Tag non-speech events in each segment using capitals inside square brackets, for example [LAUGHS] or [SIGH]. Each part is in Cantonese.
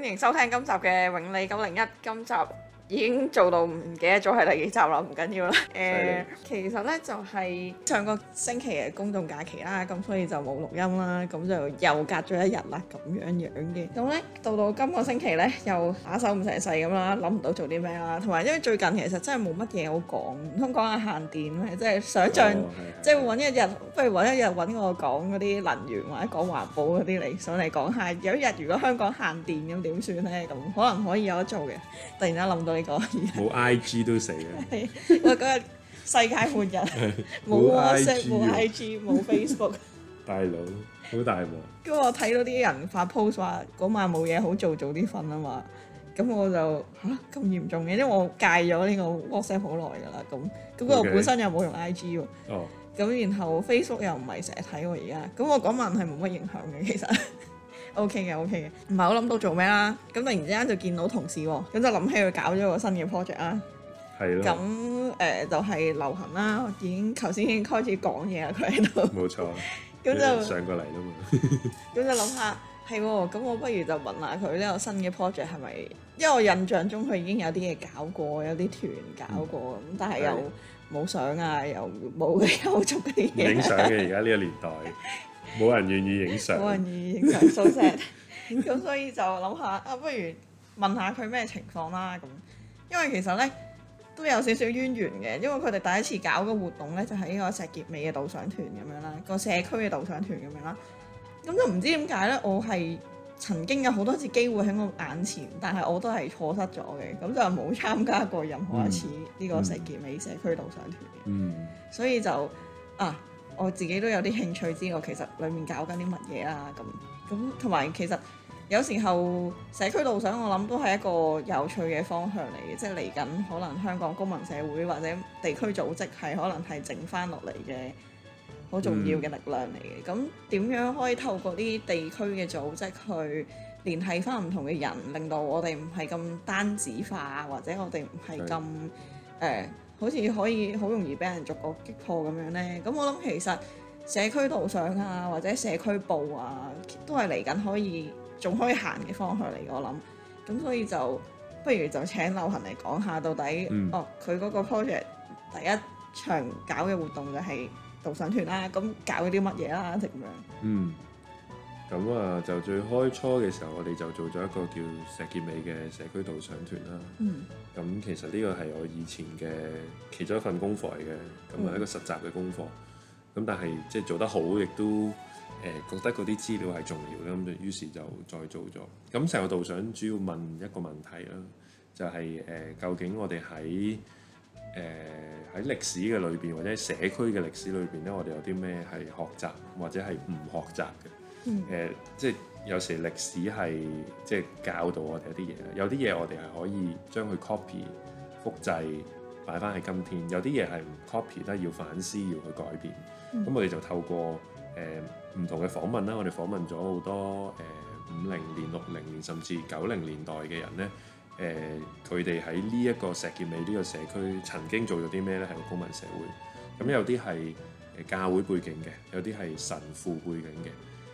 歡迎收聽今集嘅《永利九零一》，今集。已經做到唔記得咗係第幾集啦，唔緊要啦。誒， [LAUGHS] 其實咧就係上個星期嘅公眾假期啦，咁所以就冇錄音啦，咁就又隔咗一日啦，咁樣樣嘅。咁咧到到今個星期咧又打手唔成世咁啦，諗唔到做啲咩啦。同埋因為最近其實真係冇乜嘢好講，唔通講下限電咩？即係想像，oh, yeah. 即係揾一日，不如揾一日揾我講嗰啲能源或者講環保嗰啲嚟上嚟講下。有一日如果香港限電咁點算咧？咁可能可以有得做嘅。突然間諗到。冇 I G 都死啊！我嗰 [LAUGHS] 日世界 [LAUGHS] 末日， [LAUGHS] 冇 WhatsApp，冇沒 I G，冇 [LAUGHS] Facebook， [LAUGHS] 大佬好大鑊。跟住 [LAUGHS] 我睇到啲人發 post 話嗰晚冇嘢好做，早啲瞓啊嘛。咁我就嚇咁嚴重嘅，因為我戒咗呢個 WhatsApp 好耐噶啦。咁咁我本身又冇用 I G 喎。哦。咁然後 Facebook 又唔係成日睇喎，而家咁我嗰晚係冇乜影響嘅其實。O K 嘅，O K 嘅，唔係好諗到做咩啦、啊，咁突然之間就見到同事喎、啊，咁就諗起佢搞咗個新嘅 project 啦。係咯的。咁誒、呃、就係、是、劉恒啦、啊，已經頭先已經開始講嘢啦，佢喺度。冇錯。咁 [LAUGHS] [LAUGHS] 就上過嚟啦嘛。咁 [LAUGHS] 就諗下，係喎，咁我不如就問下佢呢個新嘅 project 係咪？因為我印象中佢已經有啲嘢搞過，有啲團搞過咁，嗯、但係又冇相啊，嗯、又冇嘅優質啲嘢。影相嘅而家呢個年代。 [LAUGHS] 冇人願意影相，冇人願意影相掃咁，所以就諗下啊，不如問下佢咩情況啦咁。因為其實咧都有少少淵源嘅，因為佢哋第一次搞個活動咧，就喺、是、個石硤尾嘅導賞團咁樣啦，那個社區嘅導賞團咁樣啦。咁就唔知點解咧，我係曾經有好多次機會喺我眼前，但係我都係錯失咗嘅，咁就冇參加過任何一次呢個石硤尾社區導賞團嘅、嗯。嗯，所以就啊。我自己都有啲興趣知我其實裡面搞緊啲乜嘢啊？咁咁同埋其實有時候社區導賞，我諗都係一個有趣嘅方向嚟嘅，即係嚟緊可能香港公民社會或者地區組織係可能係整翻落嚟嘅好重要嘅力量嚟嘅。咁點、嗯、樣可以透過啲地區嘅組織去聯繫翻唔同嘅人，令到我哋唔係咁單子化，或者我哋唔係咁誒？的好似可以好容易俾人逐個擊破咁樣呢。咁我諗其實社區導賞啊或者社區報啊都係嚟緊可以仲可以行嘅方向嚟，我諗。咁所以就不如就請劉恒嚟講下到底、嗯、哦，佢嗰個 project 第一場搞嘅活動就係導賞團啦、啊，咁搞啲乜嘢啦，直咁樣。嗯，咁啊就最開初嘅時候，我哋就做咗一個叫石峽尾嘅社區導賞團啦。嗯。咁其實呢個係我以前嘅其中一份功課嚟嘅，咁係一個實習嘅功課。咁、嗯、但係即係做得好，亦都誒、呃、覺得嗰啲資料係重要嘅，咁就於是就再做咗。咁成個導賞主要問一個問題啦，就係、是、誒、呃、究竟我哋喺誒喺歷史嘅裏邊，或者社區嘅歷史裏邊咧，我哋有啲咩係學習，或者係唔學習嘅？誒、嗯呃，即係。有時歷史係即係教導我哋一啲嘢。有啲嘢我哋係可以將佢 copy 複製擺翻喺今天，有啲嘢係唔 copy 咧，要反思，要去改變。咁、嗯、我哋就透過誒唔、呃、同嘅訪問啦，我哋訪問咗好多誒五零年、六零年甚至九零年代嘅人咧。誒、呃，佢哋喺呢一個石峽尾呢個社區曾經做咗啲咩咧？係個公民社會。咁有啲係誒教會背景嘅，有啲係神父背景嘅。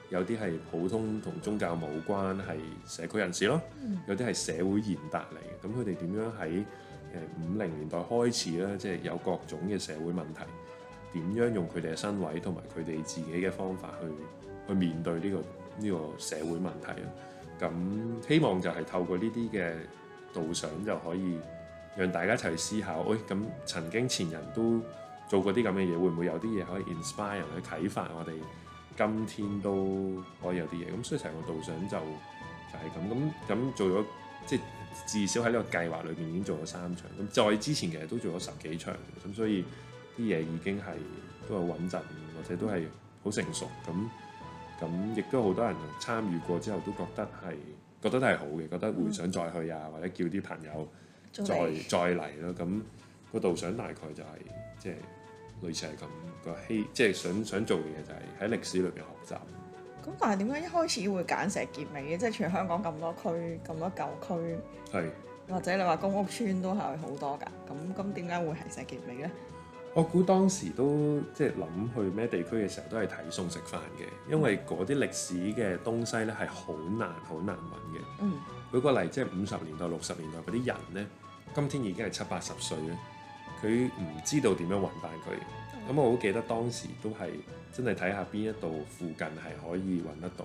有啲係普通同宗教冇關，係社區人士咯；有啲係社會賢達嚟嘅。咁佢哋點樣喺誒五零年代開始咧，即係有各種嘅社會問題，點樣用佢哋嘅身位同埋佢哋自己嘅方法去去面對呢、呢個呢、呢個社會問題啊？咁希望就係透過呢啲嘅導賞就可以讓大家一齊思考：喂、哎，咁曾經前人都做過啲咁嘅嘢，會唔會有啲嘢可以 inspire 人去啟發我哋？今天都可以有啲嘢，咁所以成個導賞就就係咁，咁咁做咗即係至少喺呢個計劃裏邊，已經做咗三場，咁再之前其實都做咗十幾場，咁所以啲嘢已經係都係穩陣或者都係好成熟，咁咁亦都好多人參與過之後都覺得係覺得都係好嘅，覺得會想再去啊，嗯、或者叫啲朋友再再嚟來咯，咁個導賞大概就係、是、即係。類似係咁個希，即係想想做嘅嘢就係喺歷史裏邊學習。咁但係點解一開始會揀石硤尾嘅？即係全香港咁多區，咁多舊區，係是或者你話公屋村都係好多㗎。咁咁點解會係石硤尾咧？我估當時都即係諗去咩地區嘅時候，都係睇餸食飯嘅，因為嗰啲歷史嘅東西咧，係好難好難揾嘅。嗯，舉個例，即係五十年代、六十年代嗰啲人咧，今天已經係七八十歲嘅。佢唔知道點樣揾翻佢，咁、嗯嗯、我好記得當時都係真係睇下邊一度附近係可以揾得到，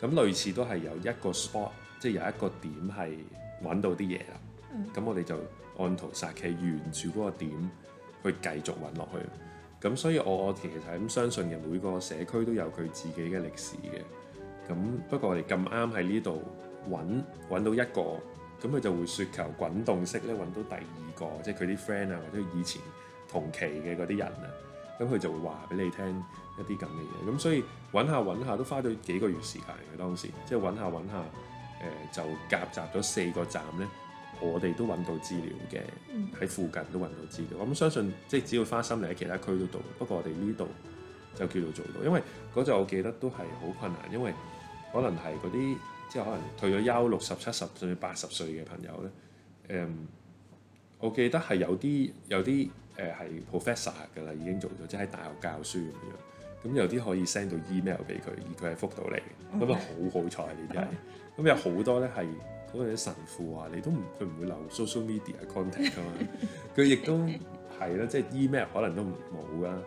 咁類似都係有一個 spot，即係有一個點係揾到啲嘢啦，咁、嗯嗯、我哋就按圖索驥，沿住嗰個點去繼續揾落去，咁所以我我其實係咁相信嘅，每個社區都有佢自己嘅歷史嘅，咁不過我哋咁啱喺呢度揾揾到一個。咁佢就會雪球滾動式咧揾到第二個，即係佢啲 friend 啊，或者以前同期嘅嗰啲人啊，咁佢就會話俾你聽一啲咁嘅嘢。咁所以揾下揾下都花咗幾個月時間嘅當時，即係揾下揾下，誒、呃、就夾雜咗四個站咧，我哋都揾到資料嘅，喺附近都揾到資料。咁相信即係只要花心力喺其他區都到，不過我哋呢度就叫做做到，因為嗰陣我記得都係好困難，因為可能係嗰啲。即係可能退咗休六十七十甚至八十歲嘅朋友咧，誒、嗯，我記得係有啲有啲誒係 professor 係㗎啦，已經做咗即係喺大學教書咁樣，咁、嗯、有啲可以 send 到 email 俾佢，而佢係復到嚟，咁啊好好彩呢啲，咁 Okay.、嗯、有好多咧係嗰個啲神父啊，你都佢唔會留 social media contact 㗎嘛，佢亦都係啦，即係 email 可能都冇啦。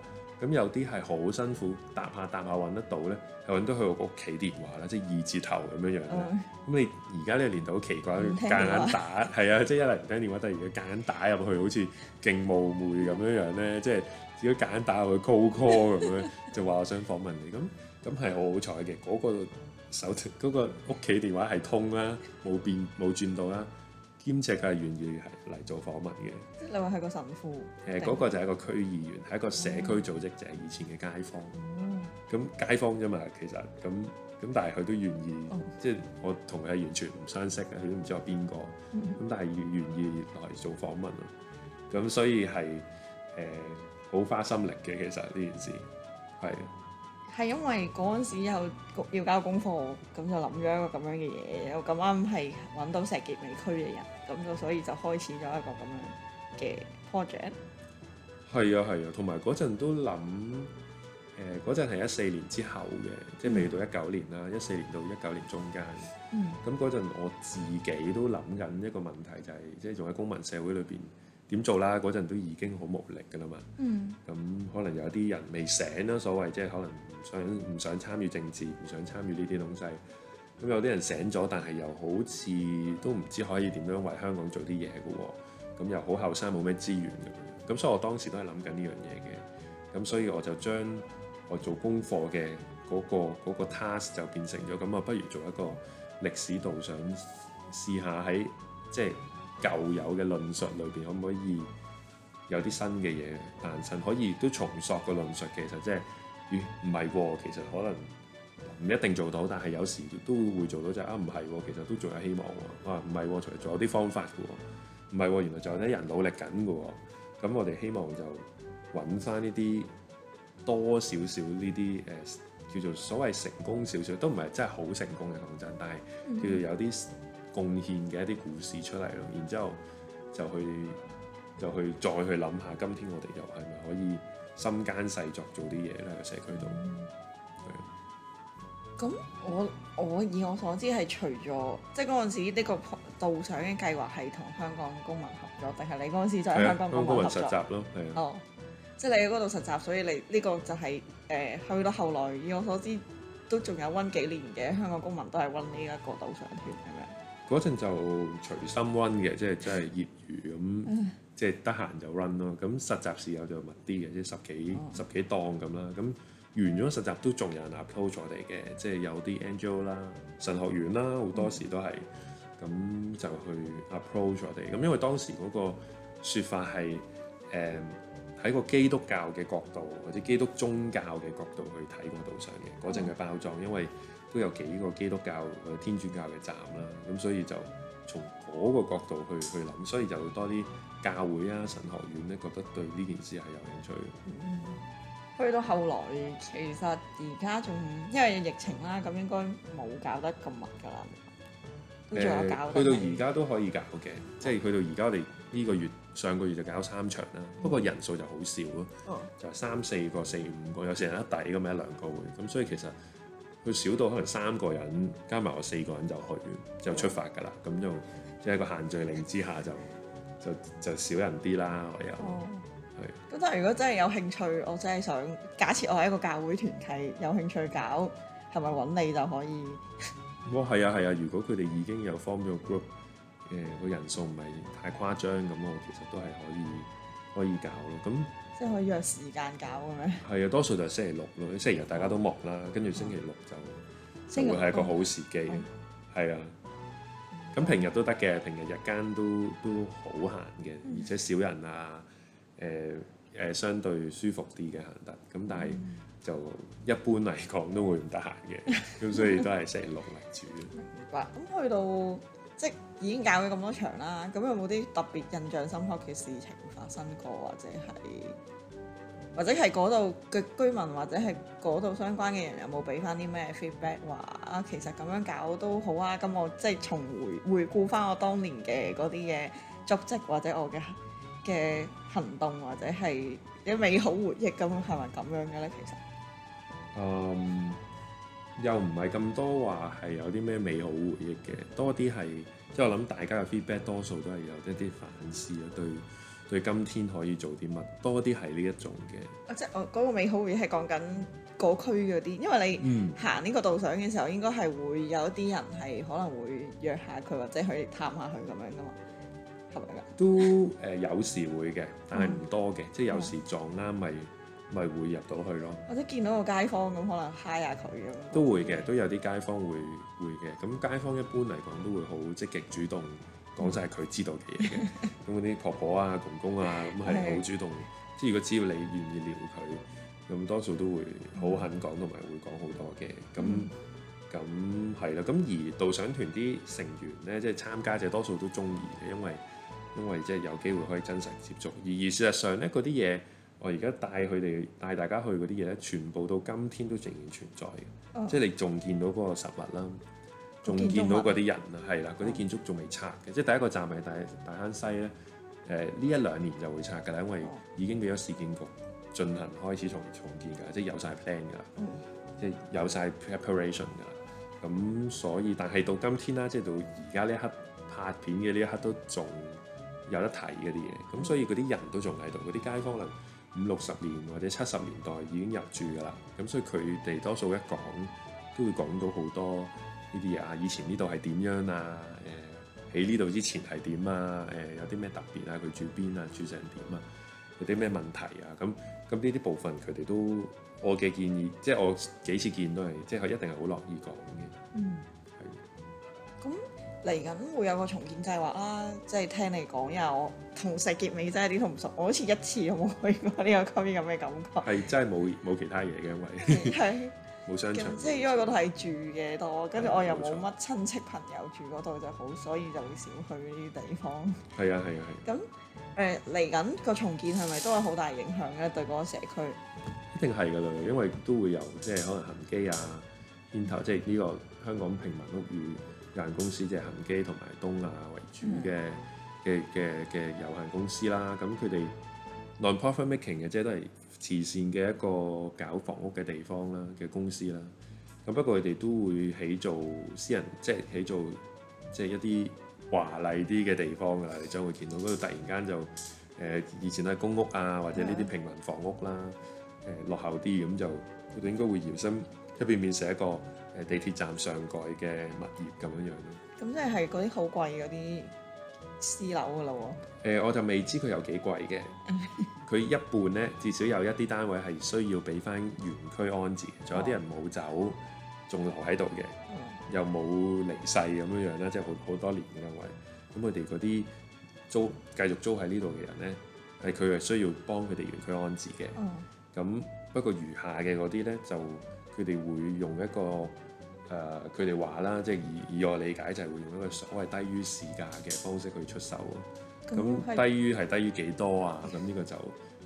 咁有啲係好辛苦，揼下揼下揾得到咧，係揾到佢個屋企電話啦，即係二字頭咁樣樣咁、uh huh. 你而家呢個年度好奇怪，夾不聽 硬，硬打係話啊，即係一嚟唔聽電話，第二嚟夾硬，硬打入去，好似勁冒昧咁樣樣咧，即係如果夾硬打入去 call call 咁樣， [LAUGHS] 就話我想訪問你。咁咁係好好彩嘅，嗰、那個手嗰個屋企電話係通啦，冇變冇轉到啦，兼且佢係願意嚟做訪問嘅。你話係個神父誒？嗰、呃那個就係一個區議員，係一個社區組織，者、就是，以前嘅街坊咁、嗯、街坊啫嘛。其實咁咁，但係佢都願意，嗯、即係我同佢係完全唔相識嘅，佢都唔知我邊個咁，嗯、但係願願意嚟做訪問啊。咁、嗯、所以係誒好花心力嘅，其實呢件事係係因為嗰陣時候有要交功課，咁就諗咗一個咁樣嘅嘢。我咁啱係揾到石硤尾區嘅人，咁就所以就開始咗一個咁樣。嘅 p 係啊係啊，同埋嗰陣都諗誒，嗰陣係一四年之後嘅，即係未到一九年啦，一四年到一九年中間。嗯，咁嗰陣我自己都諗緊一個問題，就是，就係即係仲喺公民社會裏邊點做啦。嗰陣都已經好無力噶啦嘛。嗯，咁可能有啲人未醒啦、啊，所謂即係可能唔想唔想參與政治，唔想參與呢啲東西。咁有啲人醒咗，但係又好似都唔知可以點樣為香港做啲嘢嘅喎。咁又好後生冇咩資源咁，咁所以我當時都係諗緊呢樣嘢嘅，咁所以我就將我做功課嘅嗰個嗰個 task 就變成咗，咁啊不如做一個歷史導賞，想試下喺即係舊有嘅論述裏邊可唔可以有啲新嘅嘢，但甚至可以都重塑個論述，其實即係，咦唔係喎，其實可能唔一定做到，但係有時都會做到就，啊唔係喎，其實都仲有希望喎，啊唔係喎，仲仲有啲方法嘅喎。唔係喎，原來仲有啲人努力緊㗎喎，咁我哋希望就揾翻呢啲多少少呢啲誒叫做所謂成功少少，都唔係真係好成功嘅講真，但係叫做有啲貢獻嘅一啲故事出嚟咯，然之後就去就去，就去再去諗下，今天我哋又係咪可以心間細作做啲嘢咧？個社區度。咁我我以我所知係除咗即係嗰陣時呢個導賞嘅計劃係同香港公民合作，定係你嗰陣時就喺香港公民合作？香港公民實習咯，係啊。哦，即係你喺嗰度實習，所以你呢個就係、是、誒、呃、去到後來，以我所知都仲有温幾年嘅香港公民都係温呢一個導賞團咁樣。嗰陣就隨心温嘅，即係 [LAUGHS] 即係業餘咁，即係得閒就 run 咯。咁實習時候就密啲嘅，即係十幾、哦、十幾檔咁啦。咁完咗實習都仲有人 approach 我哋嘅，即係有啲 NGO 啦、神學院啦，好多時都係咁就去 approach 我哋。咁因為當時嗰個説法係誒喺個基督教嘅角度或者基督宗教嘅角度去睇個導賞嘅。嗰陣嘅包裝，因為都有幾個基督教或者、呃、天主教嘅站啦，咁所以就從嗰個角度去去諗，所以就多啲教會啊、神學院咧覺得對呢件事係有興趣嘅。去到後來，其實而家仲因為疫情啦，咁應該冇搞得咁密噶啦，都仲、嗯、有搞、呃。去到而家都可以搞嘅，哦、即係去到而家我哋呢個月、上個月就搞三場啦。嗯、不過人數就好少咯，哦、就三四個、四五個，有時人一底咁咪一兩個會，咁所以其實佢少到可能三個人加埋我四個人就去，就出發噶啦。咁、哦、就即係個限聚令之下就就就，就，就少人啲啦，我又。嗯嗯咁但係，如果真係有興趣，我真係想假設我係一個教會團體，有興趣搞，係咪揾你就可以？哇、哦，係啊，係啊，如果佢哋已經有 form 咗 group，誒、呃、個人數唔係太誇張咁我其實都係可以可以搞咯。咁即係可以約時間搞嘅咩？係啊，多數就係星期六咯。星期日大家都忙啦，跟住星期六就會，星期六係一個好時機，係啊。咁、嗯、平日都得嘅，平日日間都都好閒嘅，嗯、而且少人啊。誒誒，相對舒服啲嘅行得咁，但係就一般嚟講都會唔得閒嘅，咁 [LAUGHS] [LAUGHS] 所以都係成路為主、嗯。明白咁、嗯、去到即係已經搞咗咁多場啦，咁有冇啲特別印象深刻嘅事情發生過？或者係或者係嗰度嘅居民，或者係嗰度相關嘅人，有冇俾翻啲咩 feedback 話啊？其實咁樣搞都好啊。咁我即係重回回顧翻我當年嘅啲嘅足跡，或者我嘅嘅，行動或者係、um, 有美好回憶咁，係咪咁樣嘅咧？其實，嗯，又唔係咁多話係有啲咩美好回憶嘅，多啲係即係我諗大家嘅 feedback 多數都係有一啲反思啊，對對，今天可以做啲乜，多啲係呢一種嘅。啊，即係我嗰個美好回憶係講緊嗰區嗰啲，因為你行呢個導賞嘅時候，嗯、應該係會有啲人係可能會約下佢或者去探下佢咁樣噶嘛。都誒有時會嘅，但係唔多嘅，即係有時撞啱咪咪會入到去咯。或者見到個街坊咁，可能 hi 下佢。都會嘅，都有啲街坊會會嘅。咁街坊一般嚟講都會好積極主動講曬佢知道嘅嘢。咁嗰啲婆婆啊、公公啊，咁係好主動嘅。即係如果只要你願意撩佢，咁多數都會好肯講同埋會講好多嘅。咁咁係啦。咁而導賞團啲成員咧，即係參加者多數都中意嘅，因為因為即係有機會可以真實接觸，而而事實上咧，嗰啲嘢我而家帶佢哋帶大家去嗰啲嘢咧，全部到今天都仍然存在嘅，哦、即係你仲見到嗰個實物啦，仲見、嗯、到嗰啲人啦，係啦、嗯，嗰啲建築仲未拆嘅，即係第一個站係大大坑西咧。誒、呃、呢一兩年就會拆㗎啦，因為已經俾咗市建局進行開始從重建㗎，即係有晒 plan 㗎，即係有晒 preparation 㗎。咁所以但係到今天啦，即係到而家呢一刻拍片嘅呢一刻都仲有得睇嗰啲嘢，咁所以嗰啲人都仲喺度，嗰啲街坊能五六十年或者七十年代已經入住㗎啦。咁所以佢哋多數一講，都會講到好多呢啲嘢啊。以前呢度係點樣啊？誒、欸，喺呢度之前係點啊？誒、欸，有啲咩特別啊？佢住邊啊？住成點啊？有啲咩問題啊？咁咁呢啲部分佢哋都，我嘅建議，即係我幾次見都係，即係佢一定係好樂意講嘅。嚟緊會有個重建計劃啦，即係聽你講因為我同石峽尾真係啲同唔熟，我好似一次都冇去過呢個區咁嘅感覺。係真係冇冇其他嘢嘅，因為冇相處。即係因為嗰度係住嘅多，跟住我又冇乜親戚朋友住嗰度就好，所以就會少去呢啲地方。係啊係啊係。咁誒嚟緊個重建係咪都有好大影響嘅對嗰個社區？一定係噶啦，因為都會有，即係可能恆基啊、牽頭，即係呢個香港平民屋宇。有限公司即係恒基同埋東亞為主嘅、嘅、嘅、嘅有限公司啦，咁佢哋 non-profit-making 嘅，making, 即係都係慈善嘅一個搞房屋嘅地方啦嘅公司啦。咁不過佢哋都會起做私人，即係起做即係一啲華麗啲嘅地方啦。你就會見到嗰度突然間就誒、呃、以前係公屋啊，或者呢啲平民房屋啦，誒、嗯呃、落後啲咁就佢哋應該會搖身一變變成一個。誒地鐵站上蓋嘅物業咁樣樣咯，咁即係係嗰啲好貴嗰啲私樓㗎啦喎。誒我就未知佢有幾貴嘅，佢 [LAUGHS] 一半咧，至少有一啲單位係需要俾翻原區安置，仲有啲人冇走，仲留喺度嘅，哦、又冇離世咁樣樣啦，即係好好多年嘅位。咁佢哋嗰啲租繼續租喺呢度嘅人咧，係佢係需要幫佢哋原區安置嘅。咁、哦、不過餘下嘅嗰啲咧就。佢哋會用一個誒，佢哋話啦，即係以以我理解就係會用一個所謂低於市價嘅方式去出售咯。咁是低於係低於幾多啊？咁呢個就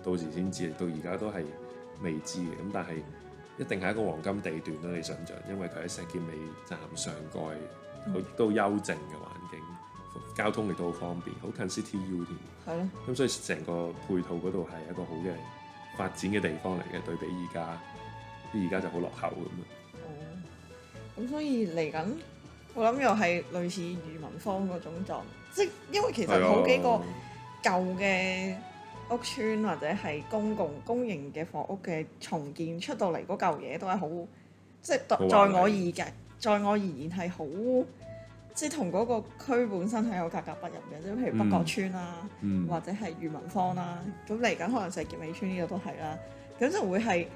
到時先知，到而家都係未知嘅。咁但係一定係一個黃金地段啦，啊，你想像，因為佢喺石結尾站上蓋，好、嗯、都幽靜嘅環境，交通亦都好方便，好近 CTU 添。係咯的。咁所以成個配套嗰度係一個好嘅發展嘅地方嚟嘅，對比而家。而家就好落後咁樣。哦，咁所以嚟緊，我諗又係類似裕民坊嗰種作，即係因為其實好幾個舊嘅屋村或者係公共公營嘅房屋嘅重建出到嚟嗰嚿嘢都係好，即係在我而嘅，在我而言係好，即係同嗰個區本身係有格格不入嘅。即譬如北角村啦，嗯、或者係裕民坊啦，咁嚟緊可能石峽尾村呢個都係啦，咁就會係。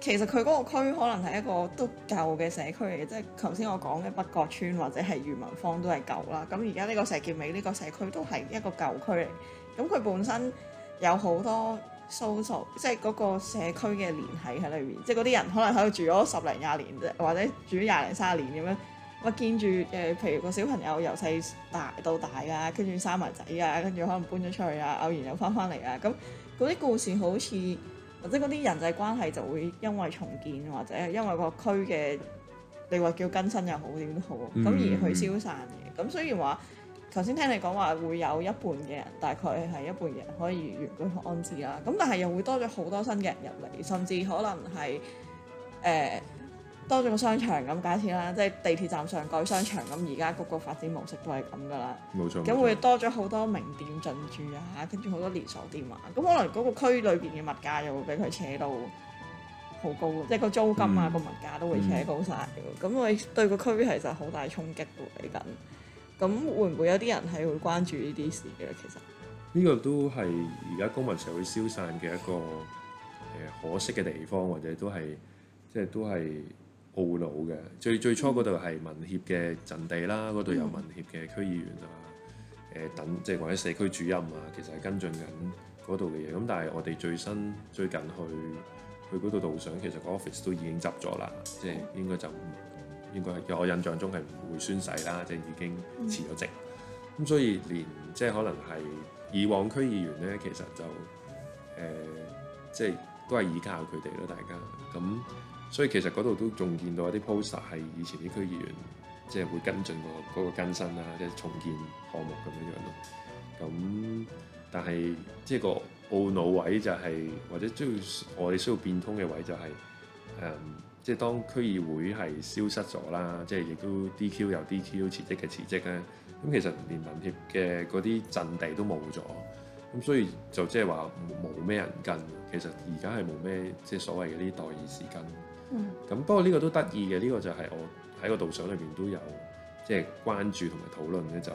其實佢嗰個區可能係一個都舊嘅社區嚟嘅，即係頭先我講嘅北角村或者係漁民坊都係舊啦。咁而家呢個石峽尾呢個社區都係一個舊區嚟，咁佢本身有好多蘇、so、熟，so，即係嗰個社區嘅聯繫喺裏面。即係嗰啲人可能喺度住咗十零廿年，或者住咗廿零三十年咁樣，咁見住誒，譬如個小朋友由細大到大啊，跟住生埋仔啊，跟住可能搬咗出去啊，偶然又翻返嚟啊，咁嗰啲故事好似～或者嗰啲人際關係就會因為重建，或者因為個區嘅你話叫更新又好點都好，咁、mm hmm. 而去消散嘅。咁雖然話頭先聽你講話會有一半嘅人，大概係一半嘅人可以原居去安置啦。咁但係又會多咗好多新嘅人入嚟，甚至可能係誒。呃多咗個商場咁，假設啦，即係地鐵站上蓋商場咁，而家個個發展模式都係咁噶啦。冇錯錯。咁會多咗好多名店進駐啊，跟住好多連鎖店啊，咁可能嗰個區裏邊嘅物價又會俾佢扯到好高，即係個租金啊、個、嗯、物價都會扯高晒。咁我、嗯、對個區其實就好大衝擊喎，嚟緊。咁會唔會有啲人係會關注呢啲事嘅？其實呢個都係而家公民社會消散嘅一個誒可惜嘅地方，或者都係即係都係。澳老嘅最最初嗰度係民協嘅陣地啦，嗰度、嗯、有民協嘅區議員啊，誒、嗯呃、等即係、就是、或者社區主任啊，其實係跟進緊嗰度嘅嘢。咁但係我哋最新最近去去嗰度導賞，其實個 office 都已經執咗啦，嗯、即係應該就應該係我印象中係唔會宣誓啦，即係已經辭咗職。咁、嗯、所以連即係可能係以往區議員咧，其實就誒、呃、即係都係依靠佢哋咯，大家咁。所以其實嗰度都仲見到一啲 poster 係以前啲區議員即係會跟進個嗰個更新啦，即係重建項目咁樣樣咯。咁但係即係個懊惱位就係或者即我哋需要變通嘅位就係誒，即係當區議會係消失咗啦，即係亦都 DQ 有 DQ 辭職嘅辭職咧。咁其實連民協嘅嗰啲陣地都冇咗，咁所以就即係話冇咩人跟。其實而家係冇咩即係所謂嘅啲代議士跟。咁、嗯、不過呢個都得意嘅，呢、呢個就係我喺個導賞裏邊都有即係關注同埋討論咧、就係，就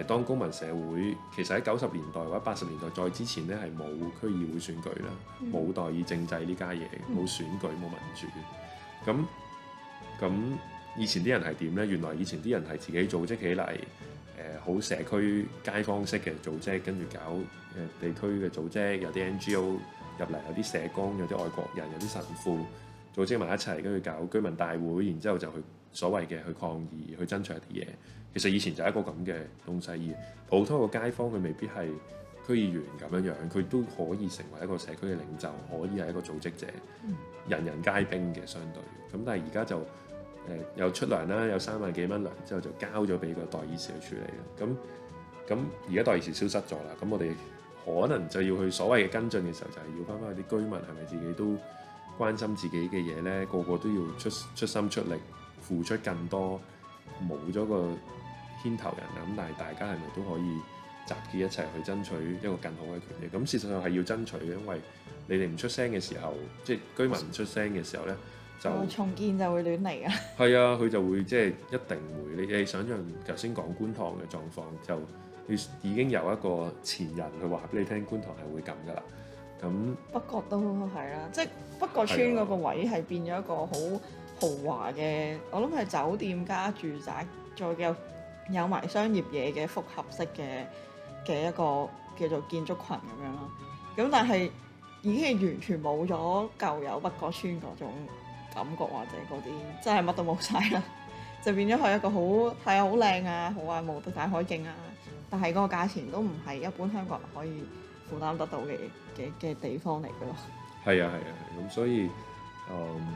係誒當公民社會其實喺九十年代或者八十年代再之前咧，係冇區議會選舉啦，冇、嗯、代議政制呢家嘢，冇、嗯、選舉，冇民主。咁咁以前啲人係點咧？原來以前啲人係自己組織起嚟誒，好、呃、社區街坊式嘅組織，跟住搞誒地區嘅組織，有啲 N G O 入嚟，有啲社工，有啲外國人，有啲神父。組織埋一齊，跟住搞居民大會，然之後就去所謂嘅去抗議、去爭取一啲嘢。其實以前就係一個咁嘅東西，而普通個街坊佢未必係區議員咁樣樣，佢都可以成為一個社區嘅領袖，可以係一個組織者。人人皆兵嘅相對。咁但係而家就誒、呃、有出糧啦，有三萬幾蚊糧之後就交咗俾個代議士去處理嘅。咁咁而家代議士消失咗啦，咁我哋可能就要去所謂嘅跟進嘅時候，就係、是、要翻翻去啲居民係咪自己都。關心自己嘅嘢咧，個個都要出出心出力，付出更多，冇咗個牽頭人啊！咁但係大家係咪都可以集結一齊去爭取一個更好嘅權利？咁、嗯、事、嗯嗯嗯、實上係要爭取嘅，因為你哋唔出聲嘅時候，即係居民唔出聲嘅時候咧，就、啊、重建就會亂嚟 [LAUGHS] 啊！係啊，佢就會即係、就是、一定會。你你想象，頭先講觀塘嘅狀況，就已經由一個前人去話俾你聽，觀塘係會咁噶啦。咁、嗯、北角都係啦，即係北角村嗰個位係變咗一個好豪華嘅，我諗係酒店加住宅再有有埋商業嘢嘅複合式嘅嘅一個叫做建築群咁樣啦。咁但係已經係完全冇咗舊有北角村嗰種感覺或者嗰啲，真係乜都冇晒啦， [LAUGHS] 就變咗係一個好係啊好靚啊好啊，望到大海景啊，但係嗰個價錢都唔係一般香港人可以負擔得到嘅嘅嘅地方嚟嘅咯，係啊係啊，咁所以，嗯，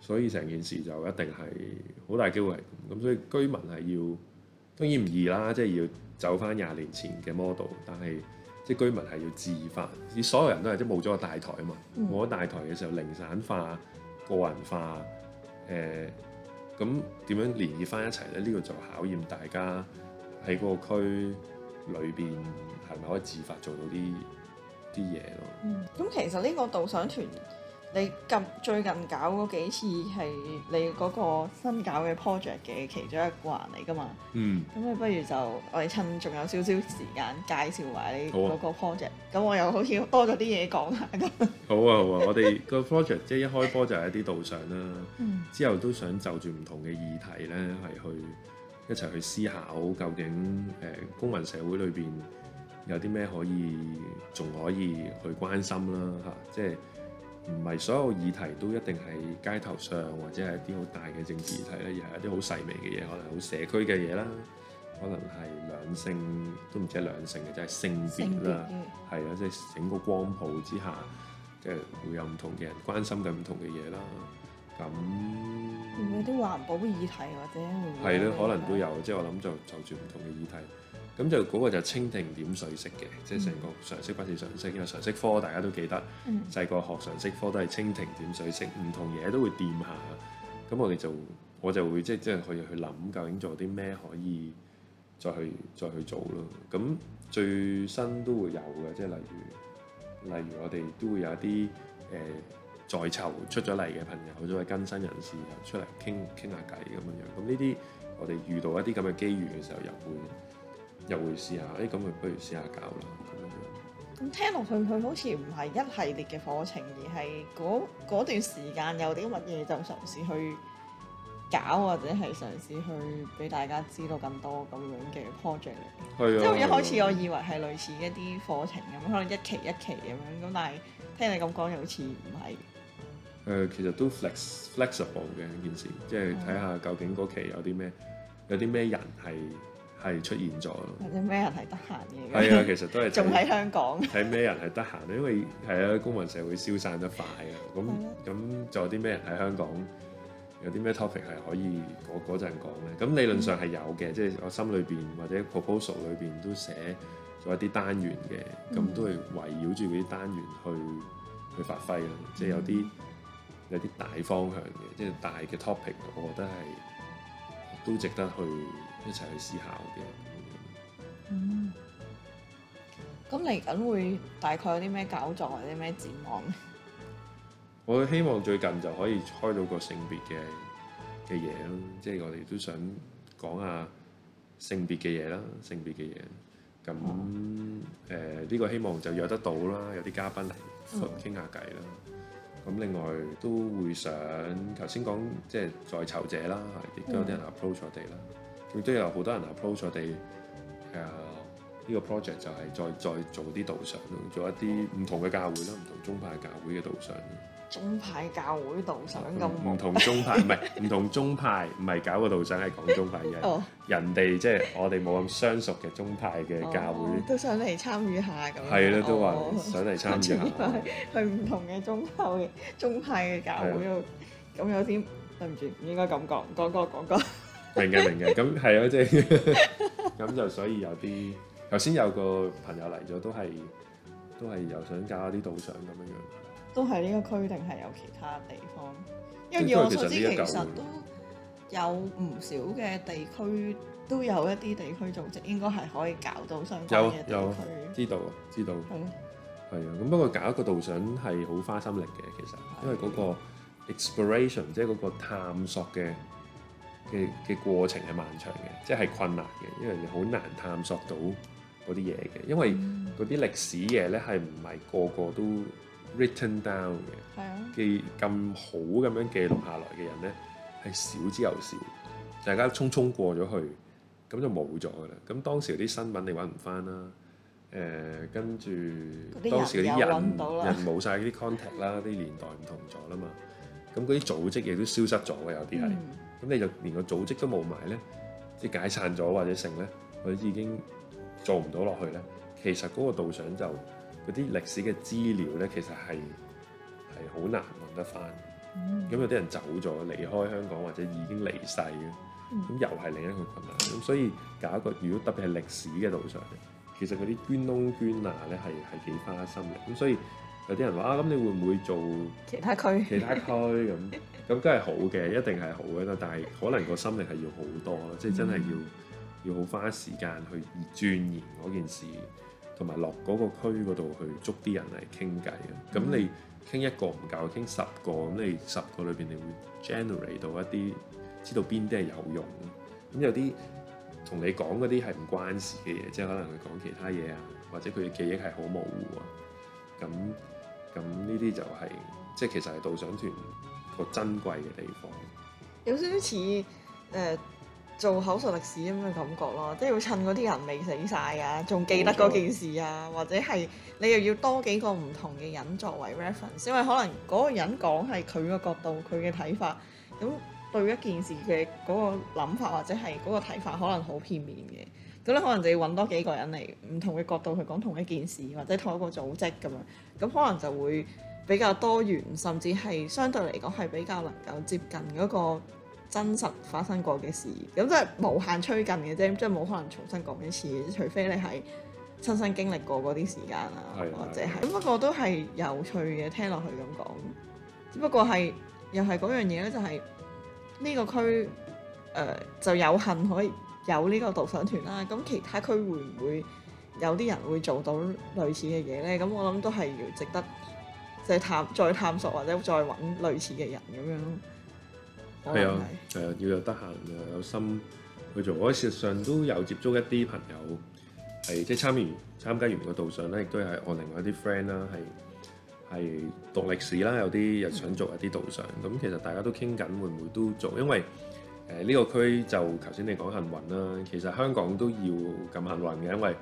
所以成件事就一定係好大機會係咁，咁所以居民係要，當然唔易啦，即係要走翻廿年前嘅 model，但係即係居民係要自發，以所有人都係即冇咗個大台啊嘛，冇咗大台嘅時候零散化、個人化，誒，咁點樣連接翻一齊咧？呢個就考驗大家喺個區。裏邊係咪可以自發做到啲啲嘢咯？咁、嗯、其實呢個導賞團，你近最近搞嗰幾次係你嗰個新搞嘅 project 嘅其中一個人嚟㗎嘛。嗯。咁你不如就我哋趁仲有少少時間介紹埋你嗰個 project，啊。咁我又好似多咗啲嘢講啦。好啊好啊， [LAUGHS] 我哋個 project 即係一開波就係啲導賞啦。嗯、之後都想就住唔同嘅議題咧係去。一齊去思考究竟誒、呃、公民社會裏邊有啲咩可以，仲可以去關心啦嚇、啊，即係唔係所有議題都一定係街頭上或者係一啲好大嘅政治議題咧，而、呃、係一啲好細微嘅嘢，可能好社區嘅嘢啦，可能係兩性都唔知係兩性嘅、啊，就係性別啦，係啊，即係整個光譜之下，即係會有唔同嘅人關心嘅唔同嘅嘢啦。咁會唔會啲環保議題或者？係咯的，可能都有，嗯、即係我諗就就住唔同嘅議題。咁就嗰、嗰個就蜻蜓點水式嘅，即係成個常識不是常識，因為常識科大家都記得，細個、嗯、學常識科都係蜻蜓點水式，唔同嘢都會掂下。咁我哋就我就會即係即係可以去諗，去究竟做啲咩可以再去再去做咯。咁最新都會有嘅，即係例如例如我哋都會有一啲誒。呃在囚出咗嚟嘅朋友，或者係更新人士出嚟傾傾下偈咁樣樣，咁呢啲我哋遇到一啲咁嘅機遇嘅時候，又會又會試下，誒咁，不如試下搞啦咁樣。咁聽落去，佢好似唔係一系列嘅課程，而係嗰段時間有啲乜嘢就嘗試去搞，或者係嘗試去俾大家知道咁多咁樣嘅 project 嚟。係啊，即係一開始我以為係類似一啲課程咁，可能一期一期咁樣咁，但係聽你咁講又好似唔係。.誒、呃、其實都 flex flexible 嘅一件事，即係睇下究竟嗰期有啲咩有啲咩人係係出現咗，或者咩人係得閒嘅。係啊， [LAUGHS] 其實都係仲喺香港喺咩人係得閒啊，因為係啊，公民社會消散得快啊，咁咁仲有啲咩人喺香港有啲咩 topic 係可以我嗰陣講咧？咁理論上係有嘅，即係、嗯、我心裏邊或者 proposal 裏邊都寫咗一啲單元嘅，咁、嗯、都係圍繞住嗰啲單元去去發揮啦，即係有啲。有啲大方向嘅，即係大嘅 topic，我覺得係都值得去一齊去思考嘅。嗯，咁嚟緊會大概有啲咩搞作或者咩展望？我希望最近就可以開到個性別嘅嘅嘢咯，即係我哋都想講下性別嘅嘢啦，性別嘅嘢。咁誒呢個希望就約得到啦，有啲嘉賓嚟傾下偈啦。嗯，聊聊咁另外都會想，頭先講即係在籌者啦，亦都、嗯、有啲人 approach 我哋啦，亦都有好多人 approach 我哋，係啊，呢個 project 就係再再做啲導賞咯，做一啲唔同嘅教會啦，唔同宗派教會嘅導賞。中派教會導賞，咁唔同中派唔係唔同中派，唔係搞個導賞係講中派嘅人哋，即係我哋冇咁相熟嘅中派嘅教會都想嚟參與下，咁係啦，都話想嚟參與下去唔同嘅中派嘅中派嘅教會，咁有啲對唔住，唔應該咁講，講講講講明嘅明嘅，咁係咯，即係咁，就所以有啲頭先有個朋友嚟咗都係都係又想搞下啲導賞咁樣樣。都係呢個區，定係有其他地方？因為以我所知，其實都有唔少嘅地區、嗯、都有一啲地區組織，應該係可以搞到相關嘅地區。有，有，知道，知道，係啊。咁不過搞一個導賞係好花心力嘅，其實因為嗰個 exploration 即係嗰個探索嘅嘅嘅過程係漫長嘅，即係困難嘅，因為好難探索到嗰啲嘢嘅，因為嗰啲歷史嘢咧係唔係個個都。Written down 嘅係啊，記咁好咁樣記錄下來嘅人咧，係少之又少。大家匆匆過咗去，咁就冇咗噶啦。咁當時嗰啲新聞你揾唔翻啦。誒、呃，跟住當時嗰啲人，人冇晒嗰啲 contact 啦，啲年代唔同咗啦嘛。咁嗰啲組織亦都消失咗喎，有啲係。咁、嗯、你就連個組織都冇埋咧，即解散咗或者成咧，或者已經做唔到落去咧。其實嗰個導賞就嗰啲歷史嘅資料咧，其實係係好難揾得翻。咁、嗯、有啲人走咗，離開香港或者已經離世，咁、嗯、又係另一個困難。咁所以搞一個，如果特別係歷史嘅路上，其實嗰啲捐窿捐罅咧係係幾花心嘅。咁所以有啲人話啊，咁你會唔會做其他區？其他區咁咁梗係好嘅，一定係好嘅啦。但係可能個心力係要好多，即係 [LAUGHS] 真係要要好花時間去鑽研嗰件事。同埋落嗰個區嗰度去捉啲人嚟傾偈啊！咁、嗯、你傾一個唔夠，傾十個咁，你十個裏邊你會 generate 到一啲知道邊啲係有用嘅。咁有啲同你講嗰啲係唔關事嘅嘢，即係可能佢講其他嘢啊，或者佢嘅記憶係好模糊啊。咁咁呢啲就係、是、即係其實係導賞團個珍貴嘅地方。有少少似誒。呃做口述歷史咁嘅感覺咯，即係要趁嗰啲人未死晒啊，仲記得嗰件事啊，冇錯，或者係你又要多幾個唔同嘅人作為 reference，因為可能嗰個人講係佢個角度、佢嘅睇法，咁對一件事嘅嗰個諗法或者係嗰個睇法可能好片面嘅，咁你可能就要揾多幾個人嚟唔同嘅角度去講同一件事，或者同一個組織咁樣，咁可能就會比較多元，甚至係相對嚟講係比較能夠接近嗰個，真實發生過嘅事，咁即係無限趨近嘅啫，即係冇可能重新講一次，除非你係親身經歷過嗰啲時間啊，是的 或者係。咁不過都係有趣嘅，聽落去咁講。只不過係又係嗰樣嘢咧，就係呢個區誒就有幸可以有呢個導賞團啦。咁其他區會唔會有啲人會做到類似嘅嘢咧？咁我諗都係值得即係探再探索或者再揾類似嘅人咁樣。係啊，係啊，要有得閒啊，有心去做。我事實上都有接觸一啲朋友係即係參與參加完個導賞咧，亦都係我另外一啲 friend 啦，係係讀歷史啦，有啲又想做一啲導賞咁、嗯嗯。其實大家都傾緊會唔會都做，因為誒呢、呃呢個區就頭先你講幸運啦。其實香港都要咁幸運嘅，因為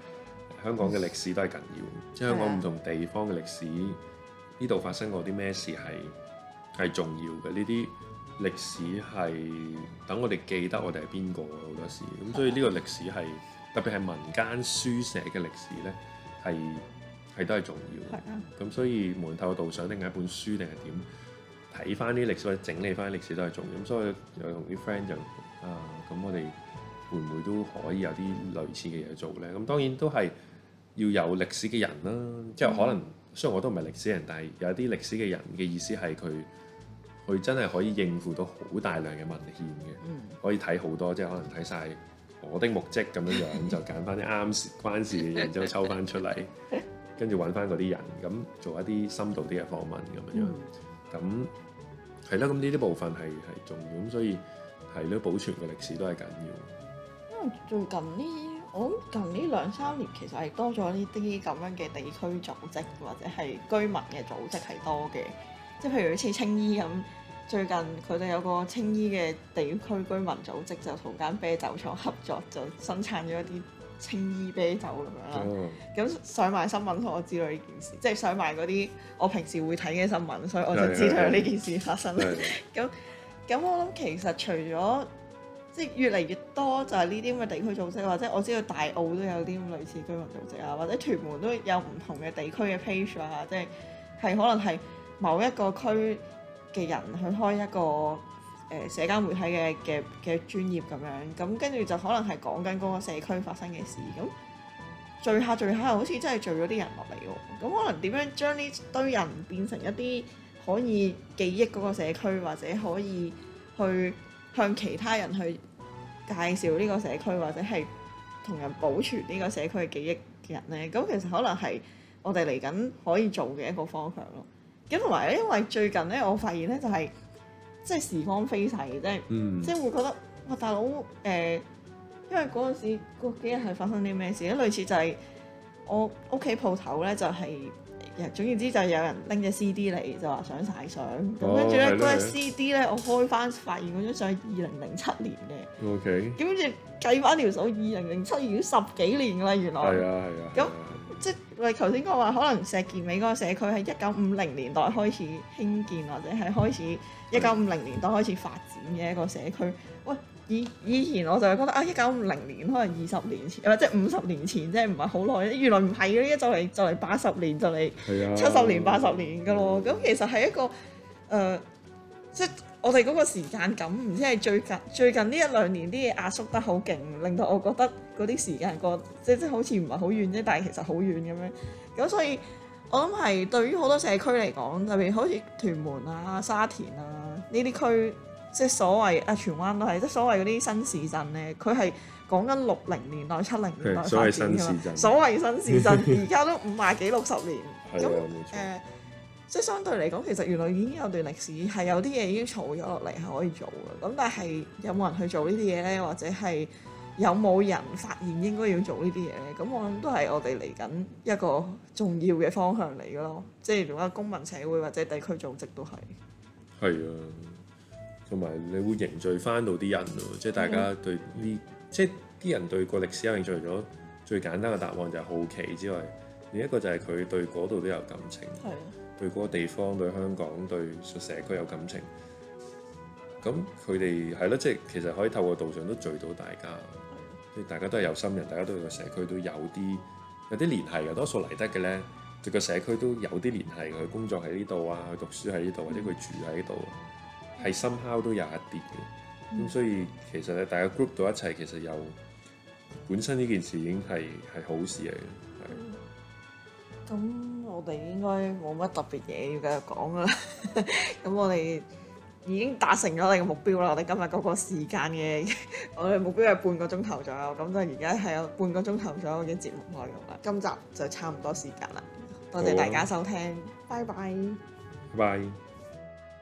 香港嘅歷史都係緊要，嗯、即係香港唔同地方嘅歷史呢度、嗯嗯、發生過啲咩事係係重要嘅呢啲。歷史係等我哋記得我哋係邊個，好多時咁，所以呢個歷史係特別係民間書寫嘅歷史咧，係係都係重要嘅。咁的所以門頭導賞定係一本書定係點睇翻啲歷史或者整理翻啲歷史都係重要。咁所以又同啲 friend 就啊，咁我哋會唔會都可以有啲類似嘅嘢做咧？咁當然都係要有歷史嘅人啦、啊。即係可能，嗯，雖然我都唔係歷史人，但係有啲歷史嘅人嘅意思係佢，佢真係可以應付到好大量嘅文獻嘅，嗯、可以睇好多，即係可能睇晒我的目擊咁樣樣， [LAUGHS] 就揀翻啲啱事關事，然之後抽翻出嚟，跟住揾翻嗰啲人，咁 [LAUGHS] 做一啲深度啲嘅訪問咁樣樣。咁係啦，咁呢啲部分係係重要，咁所以係咯，保存個歷史都係緊要。因為最近呢，我諗近呢兩三年其實係多咗呢啲咁樣嘅地區組織或者係居民嘅組織係多嘅。即係譬如似青衣咁，最近佢哋有個青衣嘅地區居民組織就同間啤酒廠合作，就生產咗一啲青衣啤酒咁樣啦。咁、嗯、上埋新聞所以我知道呢件事，即係上埋嗰啲我平時會睇嘅新聞，所以我就知道有呢件事發生。咁咁 [LAUGHS] 我諗其實除咗即係越嚟越多，就係呢啲咁嘅地區組織，或者我知道大澳都有啲咁類似居民組織啊，或者屯門都有唔同嘅地區嘅 page 啊，即係係可能係，某一個區嘅人去開一個誒、呃、社交媒體嘅嘅嘅專頁咁樣咁，跟住就可能係講緊嗰個社區發生嘅事，咁聚下聚下，好似真係聚咗啲人落嚟喎。咁可能點樣將呢堆人變成一啲可以記憶嗰個社區，或者可以去向其他人去介紹呢個社區，或者係同人保存呢個社區嘅記憶嘅人咧？咁其實可能係我哋嚟緊可以做嘅一個方向咯。咁同埋咧，因為最近咧，我發現咧就係即係時光飛逝嘅，即係、嗯、即會覺得哇大佬誒、呃，因為嗰陣時嗰幾日係發生啲咩事咧？類似就係我屋企鋪頭咧，就係總言之就係有人拎隻 CD 嚟，就話想晒相咁，跟住咧嗰隻 CD 咧，我開翻發現嗰張相係二零零七年嘅。OK，咁跟住計翻條數，二零零七年已經十幾年啦，原來。係啊係啊。咁。喂，頭先講話可能石峽尾嗰個社區係一九五零年代開始興建，或者係開始一九五零年代開始發展嘅一個社區。的喂，以以前我就係覺得啊，一九五零年可能二十年前，唔係即五十年前啫，唔係好耐。原來唔係嘅，而家就嚟就嚟八十年就嚟七十年八十的年㗎咯。咁的其實係一個誒、呃，即我哋嗰個時間感唔知係最近最近呢一兩年啲嘢壓縮得好勁，令到我覺得嗰啲時間過即係即好似唔係好遠啫，但係其實好遠咁樣。咁所以我諗係對於好多社區嚟講，特別好似屯門啊、沙田啊呢啲區，即係所謂啊荃灣都係即係所謂嗰啲新市鎮呢，佢係講緊六零年代、七零年代發展㗎嘛。所謂新市鎮，而家 [LAUGHS] 都五廿幾六十年咁誒。 [LAUGHS] 那即係相對嚟講，其實原來已經有段歷史，係有啲嘢已經儲咗落嚟係可以做嘅。咁但係有冇人去做呢啲嘢咧？或者係有冇人發現應該要做呢啲嘢咧？咁我諗都係我哋嚟緊一個重要嘅方向嚟嘅咯。即係如果公民社會或者地區組織都係係啊，同埋你會凝聚翻到啲人咯，即係大家對呢、嗯、即係啲人對個歷史有興趣咗。最簡單嘅答案就係好奇之外，另一個就係佢對嗰度都有感情係啊。去嗰個地方對香港對社區有感情，咁佢哋係咯，即係其實可以透過導賞都聚到大家，即係大家都係有心人，大家都個社區都，就是，社區都有啲有啲聯繫嘅，多數嚟得嘅咧，佢個社區都有啲聯繫，佢工作喺呢度啊，佢讀書喺呢度，或者佢住喺呢度，係 somehow 都有一啲。嘅，嗯，咁所以其實咧，大家 group 到一齊，其實又本身呢件事已經係係好事嚟嘅，係。嗯。我哋應該冇乜特別嘢要繼續講啦。咁我哋已經達成咗你嘅目標啦。我哋今日個時間嘅 [LAUGHS] 我哋目標係半個鐘頭左右。咁都而家係有半個鐘頭左右嘅節目內容啦。今集就差唔多時間啦。多謝大家收聽，拜拜吧。拜 bye。